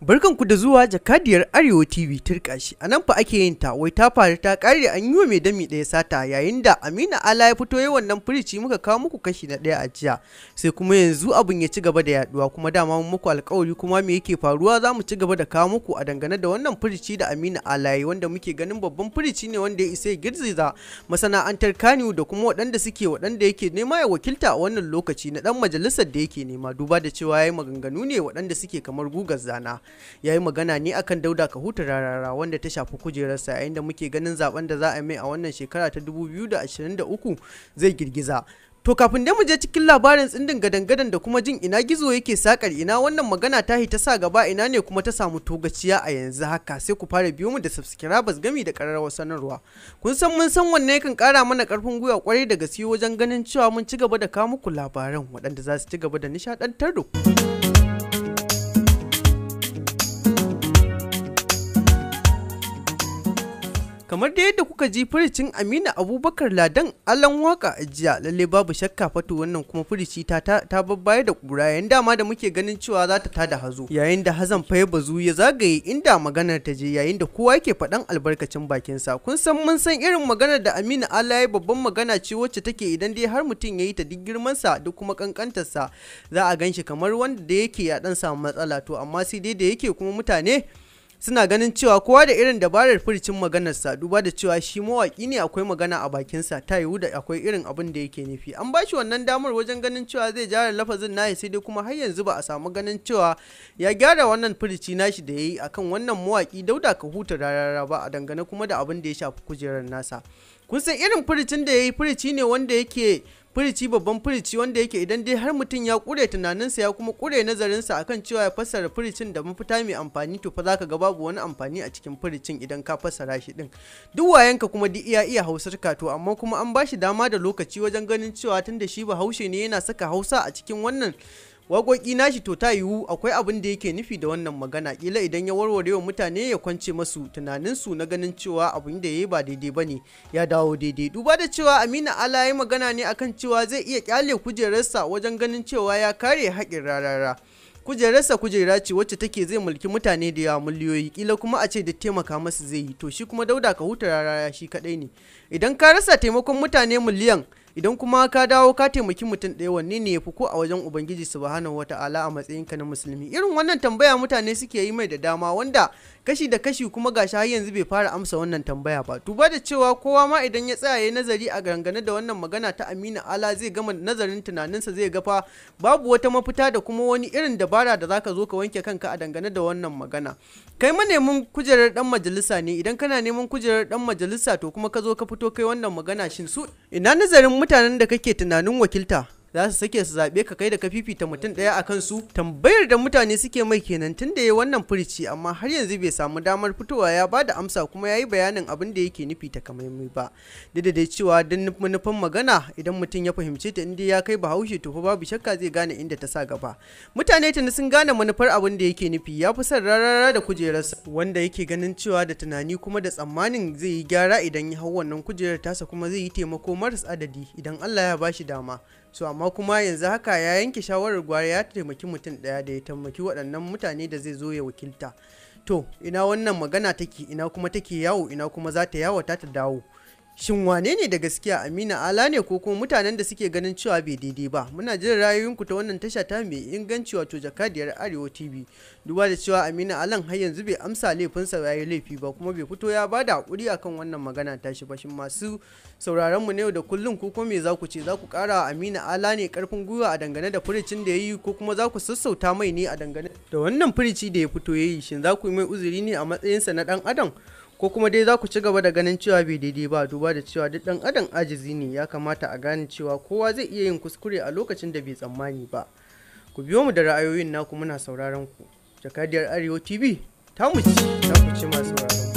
Barkanku da zuwa jakadiyar Arewa TV turkashi a nan fa ake yin ta wai ta faru ta kare an yi wa mai dami ɗaya sata yayin da Amina Ala ya fito yawan nan firici muka kawo muku kashi na ɗaya a jiya sai kuma yanzu abin ya ci gaba da yaduwa kuma dama mun muku alkawari kuma me yake faruwa za mu ci gaba da kawo muku a dangane da wannan firici da Amina Ala wanda muke ganin babban firici ne wanda ya isa girziza masana'antar Kano da kuma waɗanda suke waɗanda yake nema ya wakilta a wannan lokaci na dan majalisar da yake nema duba da cewa ya yi maganganu ne waɗanda suke kamar gugar zana. ya yi magana ne akan dauda ka huta rarara wanda ta shafi kujerarsa yayin da muke ganin zaben da za a mai a wannan shekara ta 2023 zai girgiza To kafin dai mu je cikin labarin tsindin gadangadan da kuma jin ina gizo yake sakar ina wannan magana ta ta sa gaba ina ne kuma ta samu togaciya a yanzu haka sai ku fara biyo mu da subscribers gami da kararrawar sanarwa. Kun san mun san wanne yakan kara mana karfin gwiwa kwarai da gaske wajen ganin cewa mun ci gaba da kawo muku labaran waɗanda za su ci gaba da nishaɗantar da ku. kamar da yadda kuka ji furicin aminu abubakar ladan alan waka a jiya lalle babu shakka fato wannan kuma furici ta ta babbaye da kura yayin dama da muke ganin cewa za ta tada hazo yayin da hazan fa bazu ya zagaye inda maganar ta je yayin da kowa yake faɗan albarkacin bakin sa kun san mun san irin maganar da aminu ala ya babban magana ce wacce take idan dai har mutum yayi ta duk girman sa duk kuma kankantar sa za a ganshi kamar wanda da yake ya dan samu matsala to amma sai dai da yake kuma mutane suna ganin cewa kowa da irin dabarar maganar sa duba da cewa shi mawaƙi ne akwai magana a bakin sa ta yiwu da akwai irin abin da yake nufi an ba shi wannan damar wajen ganin cewa zai gyara lafazin nashi sai dai kuma har yanzu ba a samu ganin cewa ya gyara wannan furici nashi da ya yi akan wannan mawaƙi dauda ka huta rarara ba a dangane kuma da abin da ya shafi kujerar nasa kun san irin furicin da ya yi furici ne wanda yake firici babban firici wanda yake idan dai har mutum ya kure tunaninsa ya kuma kure nazarinsa akan cewa ya fassara firicin da mafita mai amfani to fa zaka ga babu wani amfani a cikin firicin idan ka fassara shi din duk wayanka kuma duk iya iya hausar ka to amma kuma an bashi dama da lokaci wajen ganin cewa tunda shi bahaushe ne yana saka hausa a cikin wannan waƙoƙi nashi to ta yiwu akwai abin da yake nufi da wannan magana kila idan ya warware wa mutane ya kwance masu tunanin su na ganin cewa abin da yayi ba daidai bane ya dawo daidai duba da cewa amina ala ya magana ne akan cewa zai iya kyale kujerarsa wajen ganin cewa ya kare haƙin rarara kujerarsa kujera ce wacce take zai mulki mutane da yawa miliyoyi kila kuma a ce da taimaka masu zai yi to shi kuma dauda ka huta rarara shi kadai ne idan ka rasa taimakon mutane miliyan idan kuma ka dawo ka taimaki mutum ɗaya wanne ne ya fi ko a wajen ubangiji subhanahu ta'ala a matsayinka na musulmi irin wannan tambaya mutane suke yi mai da dama wanda kashi da kashi kuma shi har yanzu bai fara amsa wannan tambaya ba duba da cewa kowa ma idan ya tsaya ya nazari a gangane da wannan magana ta amina Ala zai gama nazarin tunaninsa zai gafa babu wata mafita da kuma wani irin dabara da zaka zo ka wanke kanka a dangane da wannan magana kai manemin kujerar dan majalisa ne idan kana neman kujerar dan majalisa to kuma ka zo ka fito kai wannan magana shin su ina nazarin mutanen da kake tunanin wakilta za su sake su zaɓe ka kai da ka fifita mutum ɗaya a kansu tambayar da mutane suke mai kenan tun da ya wannan furici amma har yanzu bai samu damar fitowa ya ba da amsa kuma ya yi bayanin abin da yake nufi ta mai ba duk da cewa don manufan magana idan mutum ya fahimce ta inda ya kai bahaushe to fa babu shakka zai gane inda ta sa gaba mutane tuni sun gane manufar abin da yake nufi ya fi son rarara da kujerarsa wanda yake ganin cewa da tunani kuma da tsammanin zai yi gyara idan ya hau wannan kujerar tasa kuma zai yi taimako maras adadi idan Allah ya bashi dama su amma kuma yanzu haka ya yanke shawarar gwari ya taimaki mutum daya da ya taimaki waɗannan mutane da zai zo ya wakilta to ina wannan magana take ina kuma take yawo ina kuma za ta yawo ta dawo Shin wane ne da gaskiya Amina Ala ne ko kuma mutanen da suke ganin cewa bai daidai ba? Muna jin ra'ayoyinku ta wannan tasha ta mai inganci wato jakadiyar Arewa TV. Duba da cewa Amina Alan har yanzu bai amsa laifinsa ya yi laifi ba kuma bai fito ya bada hakuri akan wannan magana ta shi bashin masu sauraron mu na yau da kullun ko kuma me za ku ce za ku kara Amina Ala ne karfin gwiwa a dangane da furicin da ya yi ko kuma za ku sassauta mai ne a dangane da wannan furici da ya fito ya yi shin za ku yi mai uzuri ne a matsayinsa na dan adam? ko kuma dai za ku ci gaba da ganin cewa bai daidai ba duba da cewa duk ɗan adam ajizi ne ya kamata a gane cewa kowa zai iya yin kuskure a lokacin da bai tsammani ba ku biyo mu da ra'ayoyin naku muna sauraron ku jakadiyar arewa tv ta mu ci masu sauraron